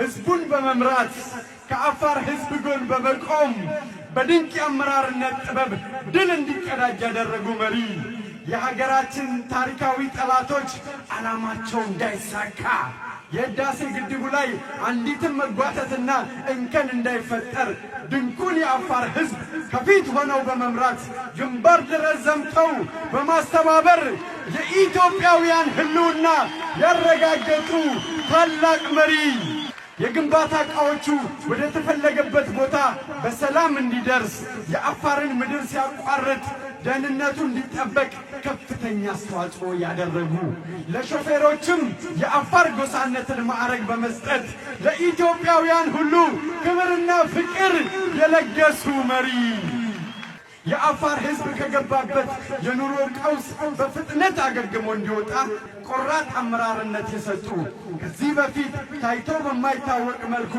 ህዝቡን በመምራት ከአፋር ህዝብ ጎን በመቆም በድንቅ የአመራርነት ጥበብ ድል እንዲቀዳጅ ያደረጉ መሪ የሀገራችን ታሪካዊ ጠላቶች ዓላማቸው እንዳይሳካ የሕዳሴ ግድቡ ላይ አንዲትም መጓተትና እንከን እንዳይፈጠር ድንቁን የአፋር ህዝብ ከፊት ሆነው በመምራት ግንባር ድረስ ዘምተው በማስተባበር የኢትዮጵያውያን ህልውና ያረጋገጡ ታላቅ መሪ የግንባታ ዕቃዎቹ ወደ ተፈለገበት ቦታ በሰላም እንዲደርስ የአፋርን ምድር ሲያቋርጥ ደህንነቱ እንዲጠበቅ ከፍተኛ አስተዋጽኦ ያደረጉ ለሾፌሮችም የአፋር ጎሳነትን ማዕረግ በመስጠት ለኢትዮጵያውያን ሁሉ ክብርና ፍቅር የለገሱ መሪ የአፋር ሕዝብ ከገባበት የኑሮ ቀውስ በፍጥነት አገግሞ እንዲወጣ ቆራጥ አመራርነት የሰጡ ከዚህ በፊት ታይቶ በማይታወቅ መልኩ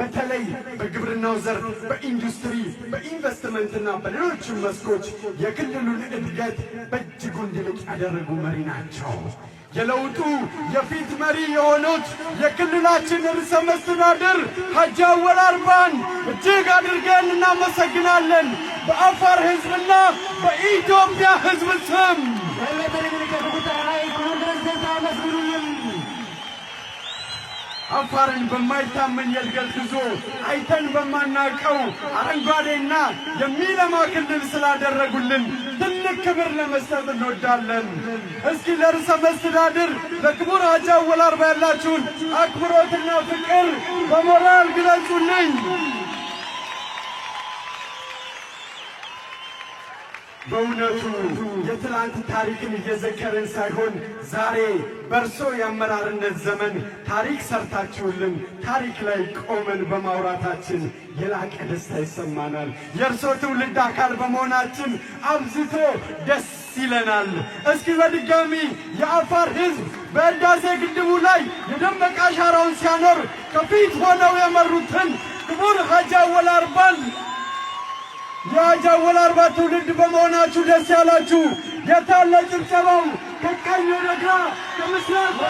በተለይ በግብርናው ዘርፍ፣ በኢንዱስትሪ፣ በኢንቨስትመንትና በሌሎችም መስኮች የክልሉን እድገት በእጅጉ እንዲልቅ ያደረጉ መሪ ናቸው። የለውጡ የፊት መሪ የሆኑት የክልላችን ርዕሰ መስተዳድር ሀጂ አወል አርባን እጅግ አድርገን እናመሰግናለን። በአፋር ሕዝብና በኢትዮጵያ ሕዝብ ስም አፋርን በማይታመን የእድገት ጉዞ አይተን በማናቀው አረንጓዴና የሚለማ ክልል ስላደረጉልን ትልቅ ክብር ለመስጠት እንወዳለን። እስኪ ለርዕሰ መስተዳድር ለክቡር ሀጂ አወል አርባ ያላችሁን አክብሮትና ፍቅር በሞራል ግለጹልኝ። በእውነቱ የትላንት ታሪክን እየዘከርን ሳይሆን ዛሬ በእርሶ የአመራርነት ዘመን ታሪክ ሰርታችሁልን ታሪክ ላይ ቆመን በማውራታችን የላቀ ደስታ ይሰማናል። የእርሶ ትውልድ አካል በመሆናችን አብዝቶ ደስ ይለናል። እስኪ በድጋሚ የአፋር ሕዝብ በእዳሴ ግድቡ ላይ የደመቀ አሻራውን ሲያኖር ከፊት ሆነው የመሩትን ክቡር ሀጂ አወል አርባን የአጃወል አርባ ትውልድ በመሆናችሁ ደስ ያላችሁ። የታለ ጭብጨባው? ከቀኝ ወደ ግራ፣ ከምስራቅ